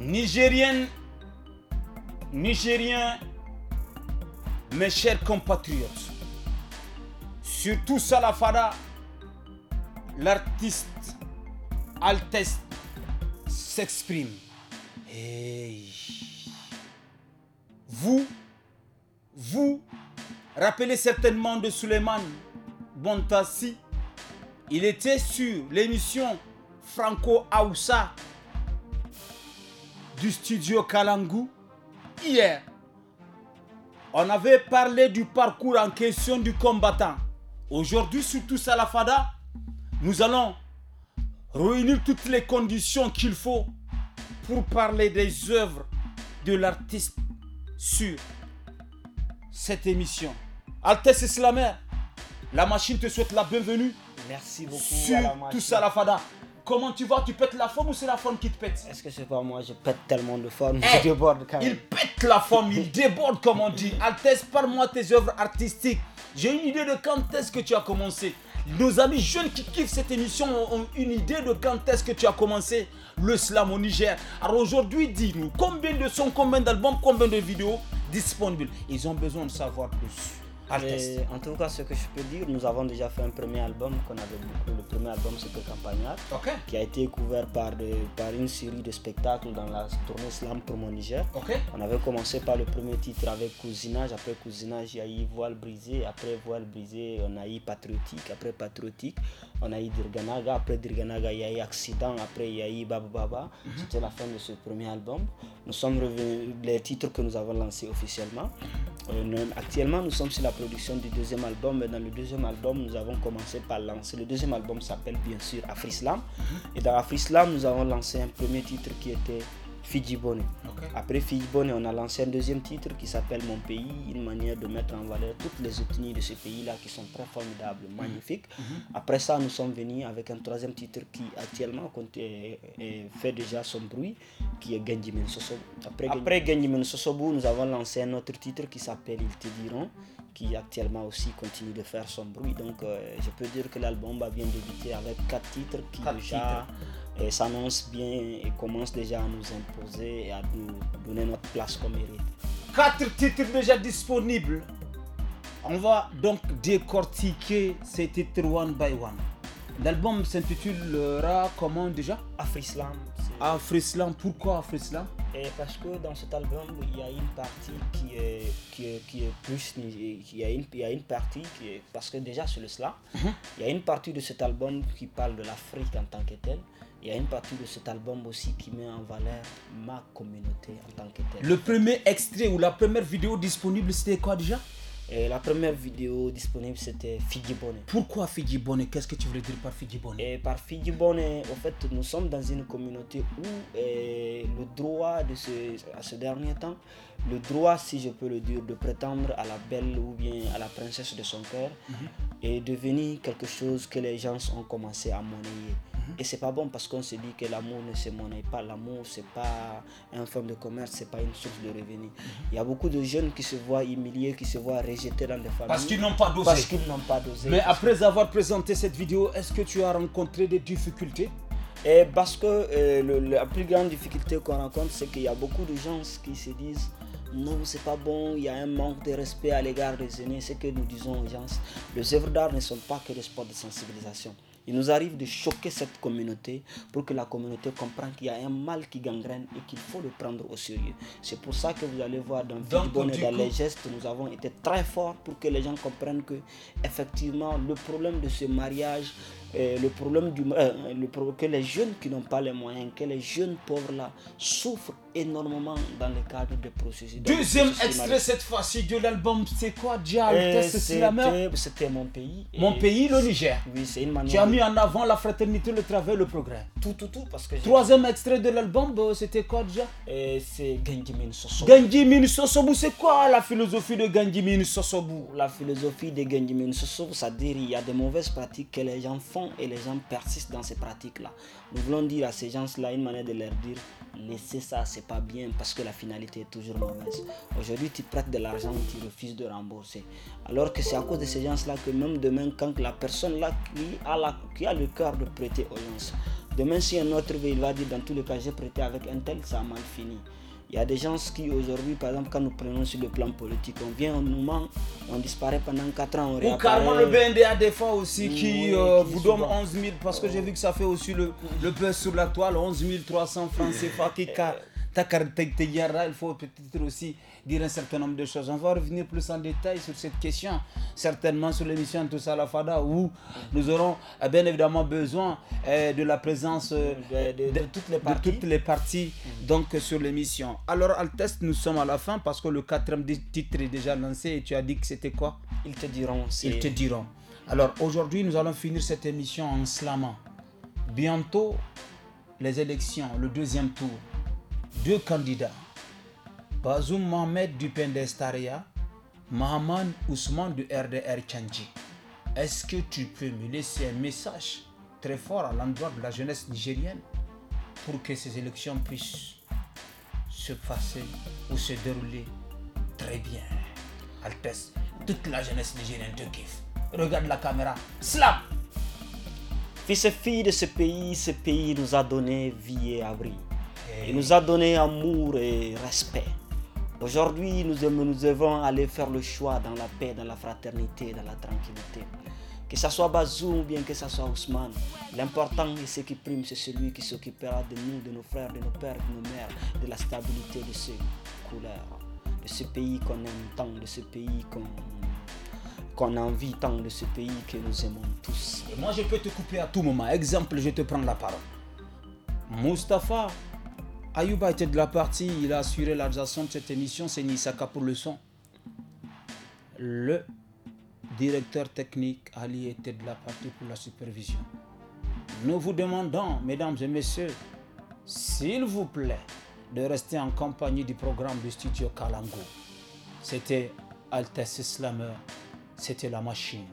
Nigérienne, Nigérien, mes chers compatriotes, surtout Salafada, l'artiste altesse s'exprime. Et... Vous, vous rappelez certainement de Suleiman Bontassi. Il était sur l'émission Franco Aoussa du studio Kalangu hier. On avait parlé du parcours en question du combattant. Aujourd'hui, sur la Fada, nous allons réunir toutes les conditions qu'il faut pour parler des œuvres de l'artiste sur cette émission. Altesse Slamer, la machine te souhaite la bienvenue. Merci beaucoup. Sur tout Fada. Comment tu vois, Tu pètes la forme ou c'est la forme qui te pète Est-ce que c'est pas moi Je pète tellement de forme, eh, je déborde quand même. Il pète la forme, il déborde comme on dit. Altesse, parle-moi tes œuvres artistiques. J'ai une idée de quand est-ce que tu as commencé. Nos amis jeunes qui kiffent cette émission ont une idée de quand est-ce que tu as commencé le slam au Niger. Alors aujourd'hui, dis-nous combien de sons, combien d'albums, combien de vidéos disponibles. Ils ont besoin de savoir plus en tout cas, ce que je peux dire, nous avons déjà fait un premier album qu'on avait beaucoup. Le premier album, c'était Campagnard, qui a été couvert par, par une série de spectacles dans la tournée Slam pour mon Niger. On avait commencé par le premier titre avec Cousinage. Après Cousinage, il y a eu Voile brisé. Après Voile brisé, on a eu Patriotique. Après Patriotique, on a eu Dirganaga. Après Dirganaga, il y a eu Accident. Après, il y a eu Baba Baba. Mhm. C'était la fin de ce premier album. Nous sommes revenus les titres que nous avons lancés officiellement. Euh, actuellement, nous sommes sur la production du deuxième album. Dans le deuxième album, nous avons commencé par lancer. Le deuxième album s'appelle bien sûr Afrislam. Et dans Afrislam, nous avons lancé un premier titre qui était Fiji Bonnet. Après Fiji Bonnet, on a lancé un deuxième titre qui s'appelle Mon pays, une manière de mettre en valeur toutes les ethnies de ce pays-là qui sont très formidables, mhm. magnifiques. Mhm. Après ça, nous sommes venus avec un troisième titre qui actuellement fait déjà son bruit, qui est Genjimen Sosobu. Après, Genjimen Sosobu, nous avons lancé un autre titre qui s'appelle Ils te diront, qui actuellement aussi continue de faire son bruit. Donc, euh, je peux dire que l'album va bien débuter avec quatre titres qui déjà s'annonce bien et commence déjà à nous imposer et à nous donner notre place qu'on mérite. Quatre titres déjà disponibles. On va donc décortiquer ces titres one by one. L'album s'intitulera comment déjà Afrislam. Afrislam, pourquoi Afrislam et parce que dans cet album, il y a une partie qui est, qui est, plus. Il y, a une, partie qui est. Parce que déjà sur le slam, mhm. il y a une partie de cet album qui parle de l'Afrique en tant que telle il y a une partie de cet album aussi qui met en valeur ma communauté en tant que telle. Le premier extrait ou la première vidéo disponible, c'était quoi déjà la première vidéo disponible, c'était Bonnet. Pourquoi Bonnet Qu'est-ce que tu voulais dire par Figibone et Par Figibone, en fait, nous sommes dans une communauté où eh, le droit de ce, à ce dernier temps le droit, si je peux le dire, de prétendre à la belle ou bien à la princesse de son père mhm. est devenu quelque chose que les gens ont commencé à monnayer. Mhm. Et c'est pas bon parce qu'on se dit que l'amour ne se monnaie pas. L'amour, c'est pas un forme de commerce, c'est pas une source de revenus. Mhm. Il y a beaucoup de jeunes qui se voient humiliés, qui se voient rejetés dans les familles. Parce qu'ils n'ont pas dosé. Parce qu'ils n'ont pas dosé. Mais après avoir présenté cette vidéo, est-ce que tu as rencontré des difficultés et eh, parce que euh, la plus grande difficulté qu'on rencontre, c'est qu'il y a beaucoup de gens qui se disent non, c'est pas bon, il y a un manque de respect à l'égard des aînés, c'est que nous disons aux gens, les œuvres d'art ne sont pas que des sports de sensibilisation. Il nous arrive de choquer cette communauté pour que la communauté comprenne qu'il y a un mal qui gangrène et qu'il faut le prendre au sérieux. C'est pour ça que vous allez voir dans le dans les gestes, nous avons été très forts pour que les gens comprennent que effectivement le problème de ce mariage, euh, le problème du, euh, que les jeunes qui n'ont pas les moyens, que les jeunes pauvres là souffrent énormément dans le cadre des processus. Deuxième extrait cette fois-ci de l'album, c'est quoi Dial euh, C'était mon pays. Mon pays, le Niger. Oui, c'est une manière. Tu as mis en avant la fraternité, le travail, le progrès. Tout, tout, tout. Parce que Troisième extrait de l'album, euh, c'était quoi déjà euh, C'est Ganjimin Sosobu. Sosobu, c'est quoi la philosophie de Ganjimin Sosobu La philosophie de Ganjimin Sosobu, c'est-à-dire il y a des mauvaises pratiques que les gens font et les gens persistent dans ces pratiques-là. Nous voulons dire à ces gens-là une manière de leur dire laisser ça, c'est pas bien parce que la finalité est toujours mauvaise. Aujourd'hui, tu prêtes de l'argent, tu refuses de rembourser. Alors que c'est à cause de ces gens-là que même demain, quand la personne là qui a, qui a le cœur de prêter aux gens, demain, si un autre il va dire dans tous les cas, j'ai prêté avec un tel, ça a mal fini. Il y a des gens qui aujourd'hui, par exemple, quand nous prenons sur le plan politique, on vient on nous ment, on disparaît pendant 4 ans, on réapparaît. Ou carrément le BND a des fois aussi euh, qui, vous donne 11 000, parce que j'ai vu que ça fait aussi le, le sur la toile, 11 300 francs CFA qui, il faut peut-être aussi dire un certain nombre de choses. On va revenir plus en détail sur cette question, certainement sur l'émission Tous à la Fada, où nous aurons eh bien évidemment besoin eh, de la présence euh, de, toutes, les parties. toutes les parties, mm. donc sur l'émission. Alors, Altest, nous sommes à la fin parce que le quatrième titre est déjà lancé et tu as dit que c'était quoi Ils te diront. Ils te diront. Alors, aujourd'hui, nous allons finir cette émission en slamant. Bientôt, les élections, le deuxième tour deux candidats, Bazoum Mohamed du Pendestaria, Mahaman Ousmane du RDR Tchandji. Est-ce que tu peux me laisser un message très fort à l'endroit de la jeunesse nigérienne pour que ces élections puissent se passer ou se dérouler très bien Altesse, toute la jeunesse nigérienne te kiffe. Regarde la caméra. Slap Fils et filles de ce pays, ce pays nous a donné vie et abri. Il nous a donné amour et respect. Aujourd'hui, nous, nous devons aller faire le choix dans la paix, dans la fraternité, dans la tranquillité. Que ce soit Bazoum ou bien que ce soit Ousmane, l'important et ce qui prime, c'est celui qui s'occupera de nous, de nos frères, de nos pères, de nos mères, de la stabilité de ces couleurs, de ce pays qu'on aime tant, de ce pays qu'on qu'on envie tant, de ce pays que nous aimons tous. Et moi, je peux te couper à tout moment. Exemple, je te prends la parole. Mustapha, Ayuba était de la partie, il a assuré la de cette émission, c'est Nisaka pour le son. Le directeur technique Ali était de la partie pour la supervision. Nous vous demandons, mesdames et messieurs, s'il vous plaît, de rester en compagnie du programme du studio Kalango. C'était Altesse Slammer, c'était la machine.